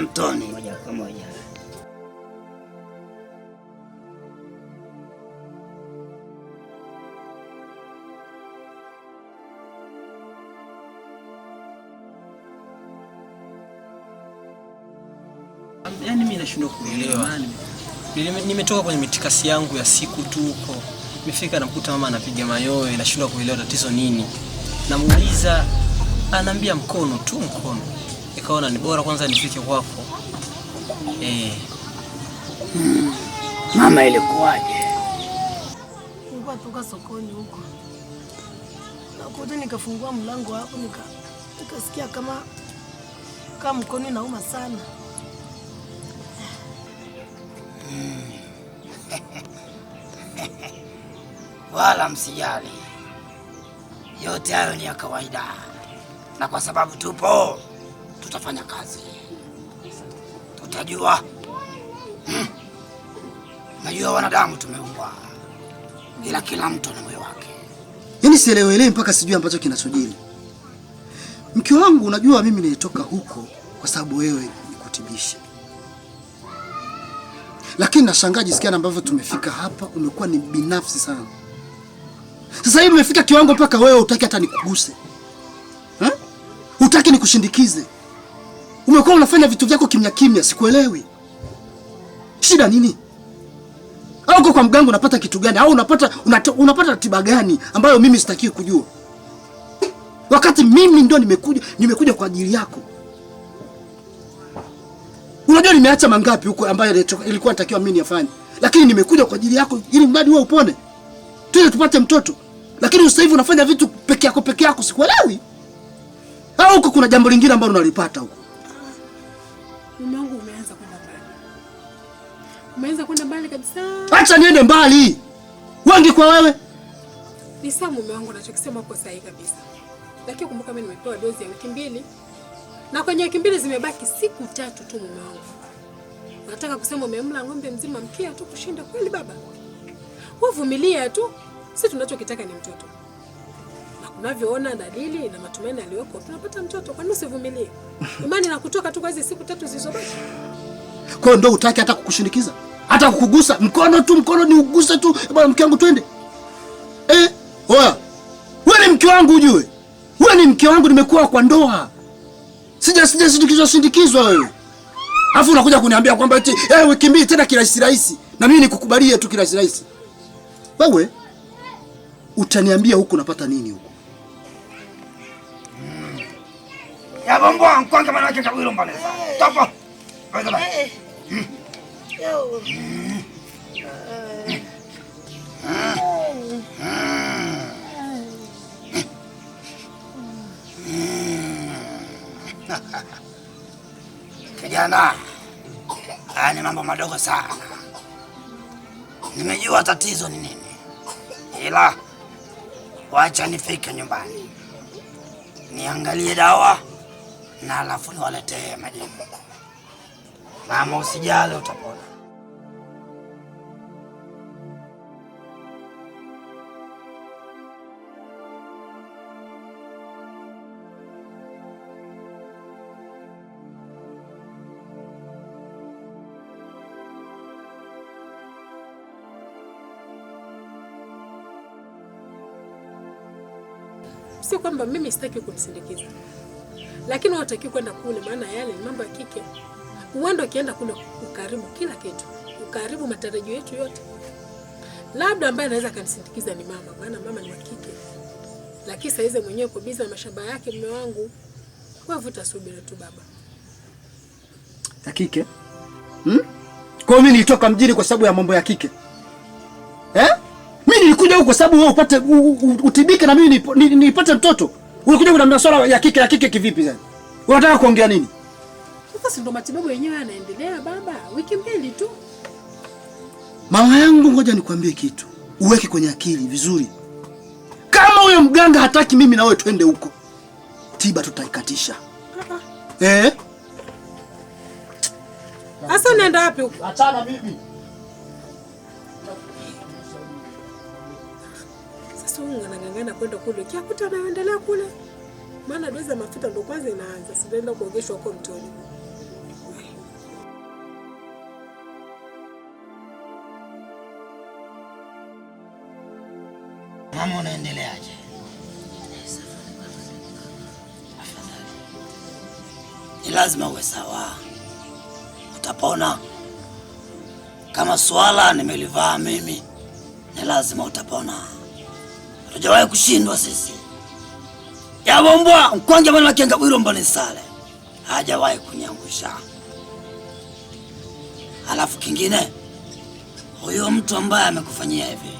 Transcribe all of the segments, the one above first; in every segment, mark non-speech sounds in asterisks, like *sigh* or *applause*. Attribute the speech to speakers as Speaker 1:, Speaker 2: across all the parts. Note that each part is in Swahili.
Speaker 1: Mtoni moja kwa moja. Yani mi nashindwa kuelewa. Yaani nimetoka kwenye mitikasi yangu ya siku tu huko, nimefika nakuta mama anapiga mayowe, nashindwa kuelewa tatizo nini. Namuuliza, anaambia mkono tu, mkono nikaona ni bora kwanza nifike kwako. Eh. Hmm. Mama, ilikuwaje? Nilikuwa toka sokoni huko nakuta nikafungua mlango hapo nika nikasikia kama kama mkono inauma sana. Hmm. *laughs* Wala msijali, yote hayo ni ya kawaida, na kwa sababu tupo tutafanya kazi, tutajua. Hmm. Najua wanadamu tumeumbwa, ila kila mtu ana moyo wake. Yaani sielewelewi mpaka sijui ambacho kinachojiri. Mke wangu, unajua mimi nilitoka huko kwa sababu wewe nikutibishe, lakini nashangaa jinsi ambavyo tumefika hapa. Umekuwa ni binafsi sana. Sasa hivi umefika kiwango mpaka wewe utaki hata nikuguse, utaki nikushindikize. Umekuwa unafanya vitu vyako kimya kimya, sikuelewi. Shida nini? Au uko kwa mganga unapata kitu gani? Au unapata unata, unapata tiba gani ambayo mimi sitakiwi kujua? Wakati mimi ndo nimekuja nimekuja kwa ajili yako. Unajua nimeacha mangapi huko ambayo ilikuwa natakiwa mimi niyafanye. Lakini nimekuja kwa ajili yako ili mradi wewe upone. Tuje tupate mtoto. Lakini sasa hivi unafanya vitu peke yako peke yako, sikuelewi. Au huko kuna jambo lingine ambalo unalipata huko?
Speaker 2: Umeanza kwenda mbali
Speaker 1: kabisa. Acha niende mbali. Wangi kwa wewe. Ni
Speaker 2: sawa mume wangu, nachokisema uko sahihi kabisa. Lakini kumbuka mimi nimepewa dozi ya wiki mbili. Na kwenye wiki mbili zimebaki siku tatu tu mume wangu. Nataka kusema umemla ng'ombe mzima mkia tu kushinda kweli baba. Wewe vumilia tu. Sisi tunachokitaka ni mtoto. Na kunavyoona dalili na matumaini aliyoko, tunapata mtoto. Kwa nini usivumilie? Imani na kutoka tu kwa hizo siku tatu zilizobaki.
Speaker 1: Kwa ndo ndio hata kukushinikiza, hata kukugusa mkono tu, mkono ni uguse tu, bwana mke wangu twende. Eh, oya, wewe ni mke wangu ujue, wewe ni mke wangu, nimekuwa kwa ndoa sija sija sindikizwa sindikizwa wewe, afu unakuja kuniambia kwamba eti eh, wikimbie tena kirahisi rahisi, na mimi nikukubalie tu kirahisi rahisi. Wewe utaniambia huko napata nini huko?
Speaker 3: Ya bombo ankwanga manake kabilo mbale. Topo. Hey. Eh, eh. Kijana, haya ni mambo madogo sana. Nimejua tatizo ni nini, ila wacha nifike nyumbani niangalie dawa na alafu niwaletee majibu. Mama, usijali, utapona.
Speaker 2: Sio kwamba mimi sitaki kumsindikiza, lakini unatakiwa kwenda kule, maana yale mambo ya kike Huenda ukienda kule ukaribu kila kitu, ukaribu matarajio yetu yote. Labda ambaye anaweza akamsindikiza ni mama, maana mama ni wa kike, lakini saizi mwenyewe uko biza na mashamba yake. Mume wangu vuta subira tu baba
Speaker 1: ya kike hmm? Kwa hiyo mimi nilitoka mjini kwa sababu ya mambo ya kike eh? Mimi nilikuja huko kwa sababu wewe upate utibike na mimi nipate mtoto. Ulikuja kuna masuala ya kike ya kike kivipi? Sasa unataka kuongea nini?
Speaker 2: Sasa si ndo matibabu yenyewe yanaendelea baba, wiki mbili tu.
Speaker 1: Mama yangu, ngoja nikwambie kitu, uweke kwenye akili vizuri. Kama huyo mganga hataki mimi na wewe twende huko, tiba tutaikatisha. Ah,
Speaker 2: ah. Eh? Asa unaenda wapi
Speaker 3: huko? Achana bibi.
Speaker 2: Sasa wewe unang'ang'ana kwenda kule, kiakuta anaendelea kule. Maana dozi ya mafuta ndo kwanza inaanza, sienda kuogeshwa huko mtoni.
Speaker 3: Mama, unaendeleaje? Ni lazima uwe sawa, utapona. Kama swala nimelivaa mimi, ni lazima utapona. Hatujawahi kushindwa sisi. Yavombwa mkwanja mwana wakenga bwiro mbani sale hajawahi kunyangusha. Alafu kingine, huyo mtu ambaye amekufanyia hivi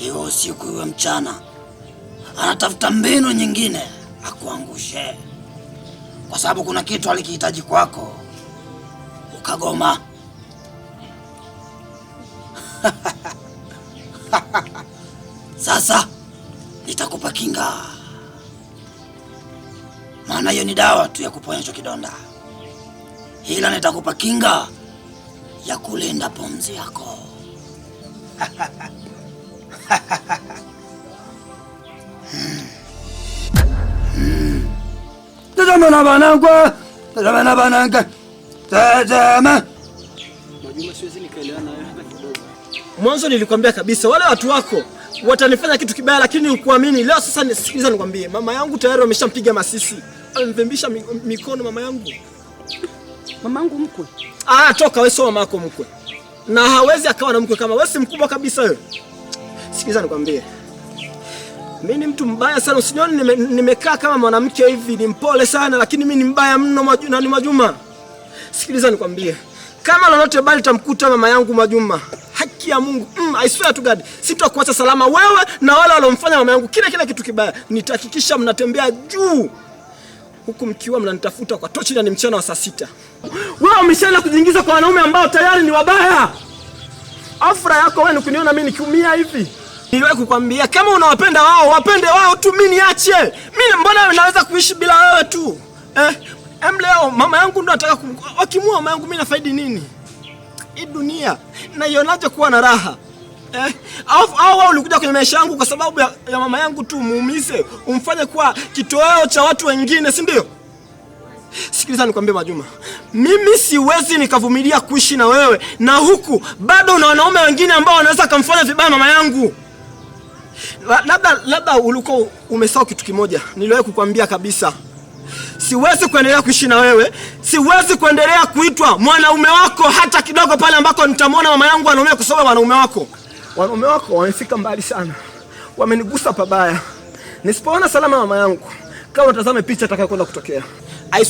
Speaker 3: hiyo usiku iwe mchana, anatafuta mbinu nyingine akuangushe, kwa sababu kuna kitu alikihitaji kwako ukagoma. *laughs* Sasa nitakupa kinga, maana hiyo ni dawa tu ya kuponya kidonda, ila nitakupa kinga ya kulinda pumzi yako. *laughs* Tazama na tazama na tazama.
Speaker 1: Mwanzo nilikwambia kabisa wale watu wako watanifanya kitu kibaya, lakini ukuamini. Leo sasa nisikiliza, nikwambie, mama yangu tayari wameshampiga masisi, amemvimbisha mikono mama yangu.
Speaker 2: Mama yangu mkwe?
Speaker 1: Ah, toka wewe, sio mama yako mkwe, na hawezi akawa na mkwe kama wewe, si mkubwa kabisa wewe. Sikiza nikwambie, mi ni mtu mbaya sana. Usinioni nime, nimekaa kama mwanamke hivi, ni mpole sana, lakini mi ni mbaya mno. Majuma, Nani Majuma. sikiliza nikwambie, kama lolote bali tamkuta mama yangu Majuma, haki ya Mungu mm, I swear to God, sitakuacha salama wewe na wale waliomfanya mama yangu kile kile kitu kibaya. Nitahakikisha mnatembea juu huku mkiwa mnanitafuta kwa tochi na ni mchana wa saa sita. Wewe umeshaenda kujiingiza kwa wanaume ambao tayari ni wabaya. Afra yako wewe ni kuniona mimi nikiumia hivi. Niliwahi kukwambia kama unawapenda wao, wapende wao tu, mimi niache. Mimi mbona naweza kuishi bila wewe tu? Eh, em leo mama yangu ndo anataka wakimua mama yangu mimi nafaidi nini? Hii dunia naionaje kuwa na raha? Eh, au wao ulikuja kwenye maisha yangu kwa sababu ya, ya mama yangu tu muumize, umfanye kuwa kitoweo cha watu wengine, si ndio? Sikiliza nikwambie Majuma, mimi siwezi nikavumilia kuishi na wewe na huku bado una wanaume wengine ambao wanaweza kumfanya vibaya mama yangu. Labda labda ulikuwa umesahau kitu kimoja, niliwahi kukwambia kabisa, siwezi kuendelea kuishi na wewe, siwezi kuendelea kuitwa mwanaume wako hata kidogo, pale ambako nitamwona mama yangu anaumia kusoma. wanaume wako. Wanaume wako wamefika mbali sana, wamenigusa pabaya. Nisipoona salama mama yangu, kama tazame picha atakayokwenda kutokea.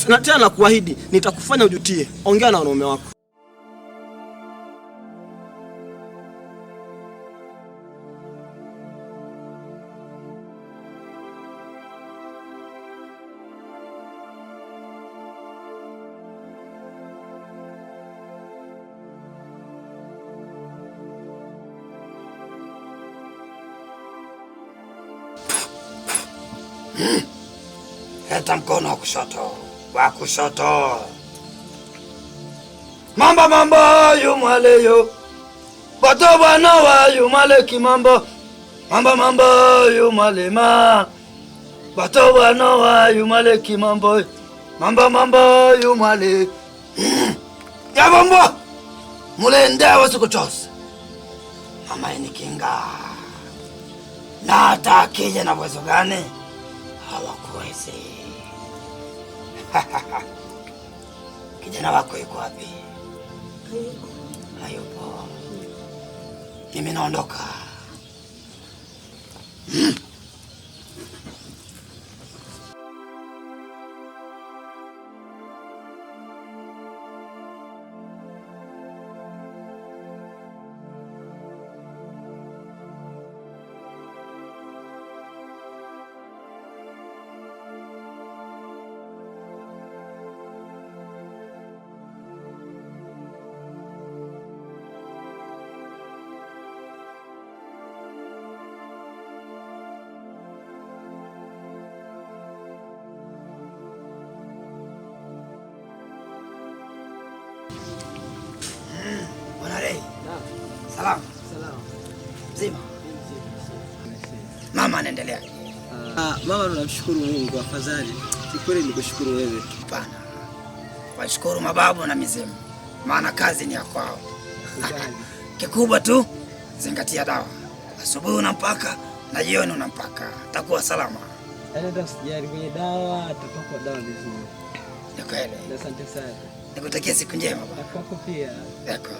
Speaker 1: Na tena nakuahidi nitakufanya ujutie. Ongea na wanaume wako.
Speaker 3: Leta mkono wa kushoto, wa kushoto. Mamba mamba yu yumwaleyo bato bwana wa yu mwale kimambo mamba mamba yu yumwalema bato bwana wa yu mwale kimambo *clears throat* mamba mamba yu yumwale yabombo mulende wasikuchose mama inikinga na atakije na uwezo gani hawakuwezi. *laughs* Kijana wako yuko wapi? Hayupo. Mimi naondoka. Hmm.
Speaker 4: kumshukuru Mungu, afadhali sikweli ni kushukuru wewe. Hapana,
Speaker 3: washukuru mababu na mizimu, maana kazi ni ya kwao. *laughs* Kikubwa tu zingatia dawa, asubuhi unampaka na jioni unampaka, takuwa salama. Yaani sijali
Speaker 4: kwenye dawa, tutakuwa dawa vizuri. Ni
Speaker 3: kweli. Asante sana.
Speaker 4: Nikutakia siku
Speaker 3: njema. Kwako
Speaker 4: pia. Eko.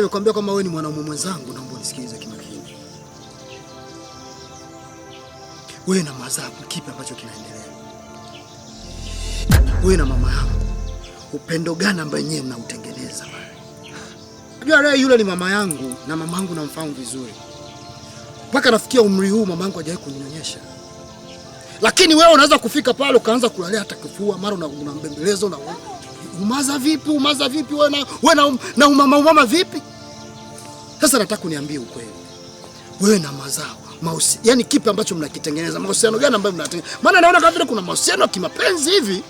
Speaker 1: nimekuambia kwamba wewe ni mwanaume mwenzangu, naomba unisikilize kimakini. Wewe na mazaku, kipi ambacho kinaendelea? Wewe na mama yangu, upendo gani ambaye nyewe mnautengeneza? Unajua leo yule ni mama yangu na mama yangu namfahamu vizuri, mpaka nafikia umri huu mama yangu hajawahi kuninyonyesha. lakini wewe unaweza kufika pale ukaanza kulalea hata kifua mara unambembeleza una Umaza vipi? Umaza vipi? wewe na wewe na, um- na umama umama vipi? Sasa nataka kuniambia ukweli, wewe na mazao mausi, yani kipi ambacho mnakitengeneza? Mahusiano gani ambayo mnatengeneza? Maana naona kama vile kuna mahusiano ya kimapenzi hivi.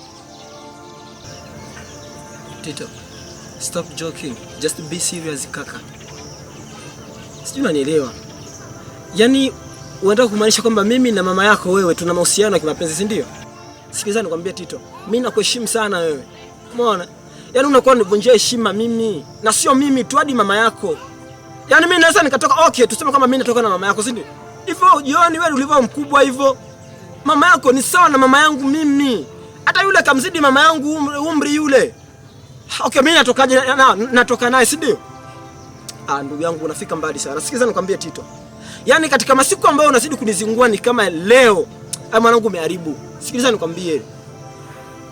Speaker 5: Tito, stop joking, just be serious kaka.
Speaker 1: Sijui unanielewa? Yaani unataka kumaanisha kwamba mimi na mama yako wewe tuna mahusiano ya kimapenzi si ndio? Sikiliza nikwambia Tito, mimi nakuheshimu sana wewe Umeona? Yaani unakuwa univunjia heshima mimi na sio mimi tu hadi mama yako. Yaani mimi naweza nikatoka okay, tuseme kama mimi natoka na mama yako, si ndio? Hivyo jioni wewe ulivyo mkubwa hivyo. Mama yako ni sawa na mama yangu mimi. Hata yule kamzidi mama yangu umri yule. Okay, mimi natokaje na, natoka naye, si ndio? Ah, ndugu yangu unafika mbali sana. Sikiza nikwambie Tito. Yaani katika masiku ambayo unazidi kunizingua ni kama leo. Ai ah, mwanangu umeharibu. Sikiliza nikwambie.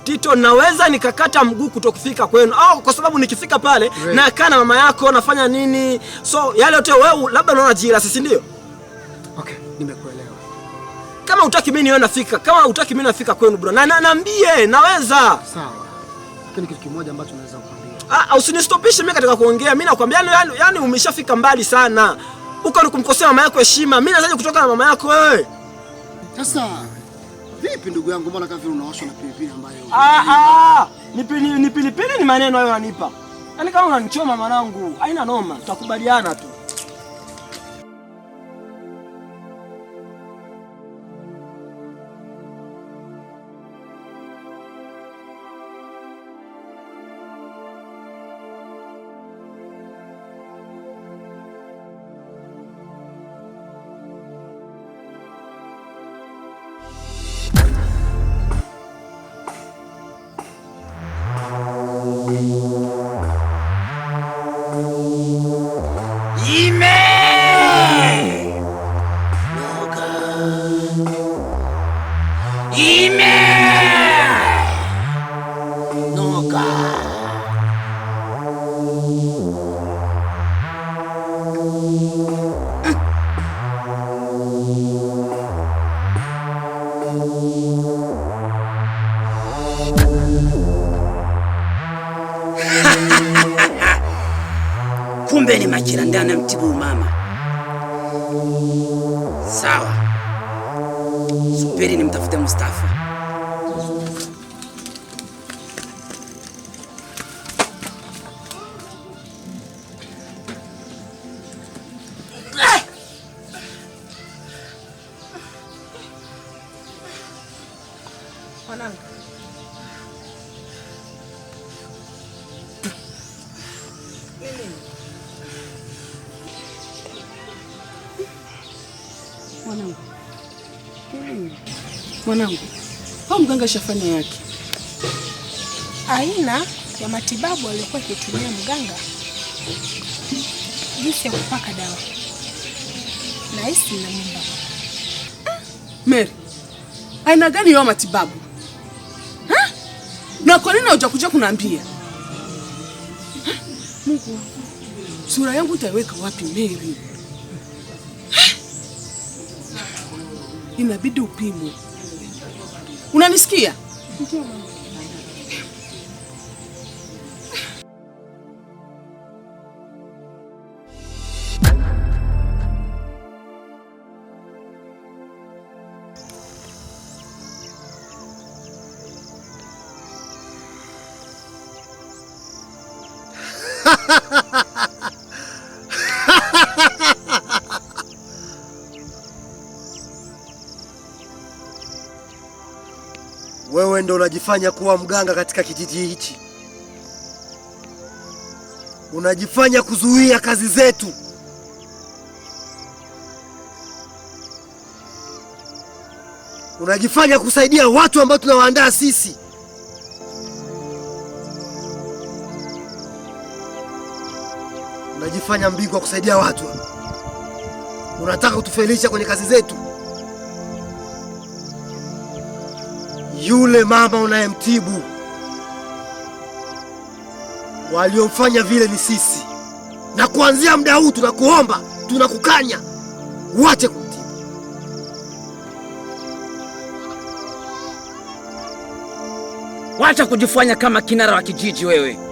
Speaker 1: Tito, naweza nikakata mguu kutokufika kwenu, au kwa sababu nikifika pale nakaa na mama yako nafanya nini? So yale yote wewe labda unaona jira, si ndio?
Speaker 5: Okay, nimekuelewa. Kama
Speaker 1: utaki mimi niwe nafika, kama utaki mimi nafika kwenu bro, na naambie naweza. Sawa,
Speaker 5: lakini kitu kimoja ambacho naweza kukwambia, ah, ah
Speaker 1: usinistopishe mimi katika kuongea. Mimi nakwambia, yani, yani yaani umeshafika mbali sana, uko ni kumkosea mama yako heshima. Mimi nazaje kutoka na mama yako wewe
Speaker 5: sasa Vipi ndugu yangu, mbona kafiri unaoshwa na pilipili ambayo? Ah
Speaker 1: ah, ni pilipili ni maneno hayo unanipa. Yaani kama unanichoma mwanangu, haina noma, tutakubaliana tu.
Speaker 3: Kachira ndiye mtibu mama. Sawa, subiri nimtafute Mustafa.
Speaker 2: Mwanangu, au mganga shafanya yake. Aina ya matibabu aliyokuwa akitumia mganga, jinsi ya kupaka dawa na hisi na mimba. Mary, aina gani ya matibabu ha? Na kwa nini hujakuja kunaambia? Mungu, sura yangu utaiweka wapi Mary? Inabidi upimwe. una Ndiyo.
Speaker 3: Wewe ndo unajifanya kuwa mganga katika kijiji hichi, unajifanya kuzuia kazi zetu. Unajifanya kusaidia watu ambao tunawaandaa sisi. Unajifanya mbingwa kusaidia watu, unataka kutufelisha kwenye kazi zetu. Yule mama unayemtibu, waliomfanya vile ni sisi, na kuanzia muda huu tunakuomba, tunakukanya wache kumtibu. Wacha kujifanya kama kinara wa kijiji wewe.